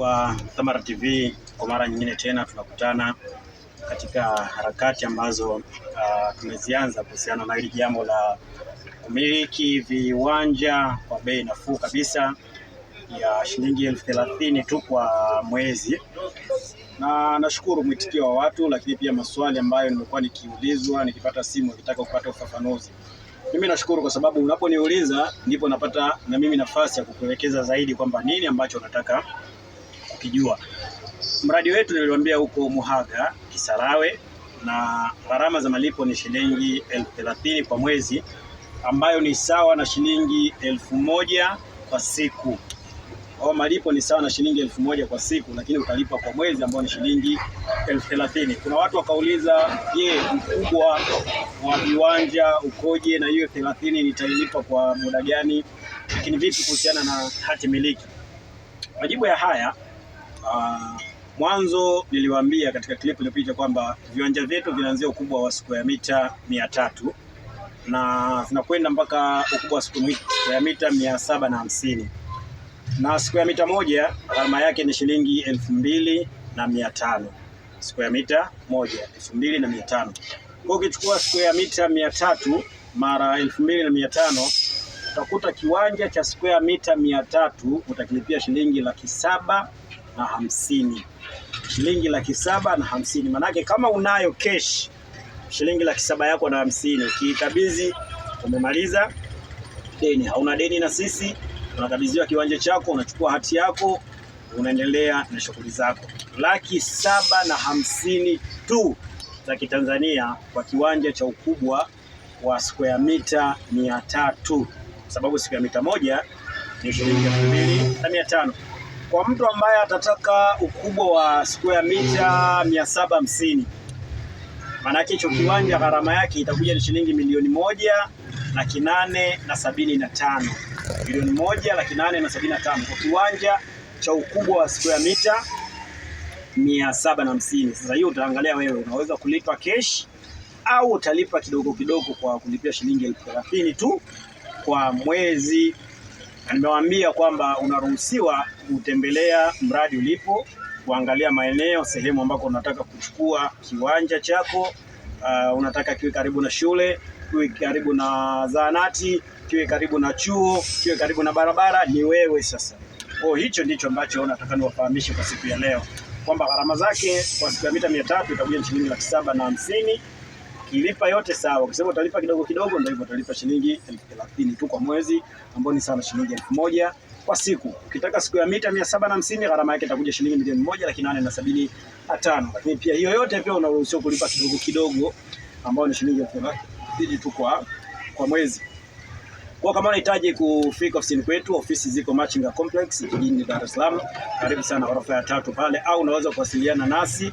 wa Thamara TV kwa mara nyingine tena tunakutana katika harakati ambazo uh, tumezianza kuhusiana na hili jambo la kumiliki viwanja kwa bei nafuu kabisa ya shilingi elfu thelathini tu kwa mwezi, na nashukuru mwitikio wa watu, lakini pia maswali ambayo nimekuwa nikiulizwa nikipata simu nikitaka kupata ufafanuzi. Mimi nashukuru kwa sababu unaponiuliza ndipo napata na mimi nafasi ya kukuelekeza zaidi kwamba nini ambacho unataka ukijua Mradi wetu niliwaambia huko Muhaga Kisarawe, na gharama za malipo ni shilingi elfu thelathini kwa mwezi, ambayo ni sawa na shilingi elfu moja kwa siku Kwa malipo ni sawa na shilingi elfu moja kwa siku, lakini utalipa kwa mwezi ambao ni shilingi elfu thelathini. Kuna watu wakauliza, je, mkubwa wa viwanja ukoje na hiyo thelathini nitailipa kwa muda gani? Lakini vipi kuhusiana na hati miliki? Majibu ya haya Uh, mwanzo niliwaambia katika clip iliyopita kwamba viwanja vyetu vinaanzia ukubwa wa square mita mia tatu na zinakwenda mpaka ukubwa wa square mita mia saba na hamsini na square mita moja gharama yake ni shilingi elfu mbili na mia tano square mita moja elfu mbili na mia tano kwa ukichukua square mita mia tatu mara elfu mbili na mia tano utakuta kiwanja cha square mita mia tatu utakilipia shilingi laki saba na hamsini, shilingi laki saba na hamsini. Manake kama unayo cash shilingi laki saba yako na hamsini, ukiikabidhi umemaliza deni. Hauna deni na sisi, unakabidhiwa kiwanja chako, unachukua hati yako, unaendelea na shughuli zako. Laki saba na hamsini tu za Kitanzania kwa kiwanja cha ukubwa wa square mita mia tatu, sababu square mita moja ni shilingi elfu mbili na mia tano. Kwa mtu ambaye atataka ukubwa wa square mita mia saba hamsini maanake hicho kiwanja gharama yake itakuja ni shilingi milioni moja laki nane na sabini na tano milioni moja laki nane na sabini na tano kwa kiwanja cha ukubwa wa square mita mia saba na hamsini. Sasa hiyo utaangalia wewe unaweza kulipa cash au utalipa kidogo kidogo kwa kulipia shilingi elfu thelathini tu kwa mwezi nimewaambia kwamba unaruhusiwa kutembelea mradi ulipo, kuangalia maeneo, sehemu ambako unataka kuchukua kiwanja chako. Uh, unataka kiwe karibu na shule, kiwe karibu na zahanati, kiwe karibu na chuo, kiwe karibu na barabara. Ni wewe sasa. Oh, hicho ndicho ambacho nataka niwafahamishe kwa siku ya leo kwamba gharama zake kwa siku ya mita mia tatu itakuja shilingi laki saba na hamsini ukilipa yote sawa, ukisema utalipa kidogo kidogo, ndio hivyo, utalipa shilingi elfu thelathini tu kwa mwezi, ambayo ni sawa na shilingi elfu moja kwa siku. Ukitaka siku ya mita mia saba na hamsini gharama yake itakuja shilingi milioni moja laki nane na sabini na tano. Lakini pia hiyo yote pia unaruhusiwa kulipa kidogo kidogo, ambayo ni shilingi elfu thelathini tu kwa kwa mwezi. Kwa kama unahitaji kufika ofisini kwetu, ofisi ziko Machinga Complex jijini Dar es Salaam, karibu sana ghorofa ya tatu pale, au unaweza kuwasiliana nasi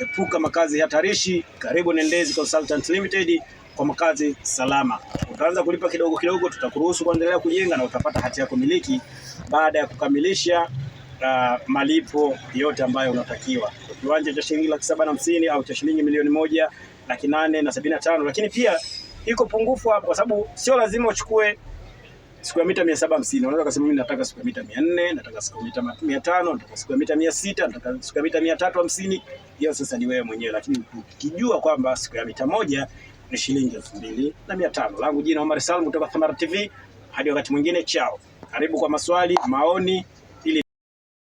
Epuka makazi hatarishi. Karibu Nendezi Consultants Limited kwa makazi salama. Utaanza kulipa kidogo kidogo, tutakuruhusu kuendelea kujenga na utapata hati yako miliki baada ya kukamilisha uh, malipo yote ambayo unatakiwa. Kiwanja cha shilingi laki saba na hamsini au cha shilingi milioni moja laki nane na sabini na tano, lakini pia iko pungufu hapo, kwa sababu sio lazima uchukue siku ya mita 750. Unaweza kusema mimi nataka siku ya mita 400, nataka siku ya mita 500, nataka siku ya mita 600, nataka siku ya mita 350. Hiyo sasa ni wewe mwenyewe, lakini ukijua kwamba siku ya mita moja ni shilingi 2500. Langu jina Omar Salum kutoka Thamara TV. Hadi wakati mwingine, chao. Karibu kwa maswali, maoni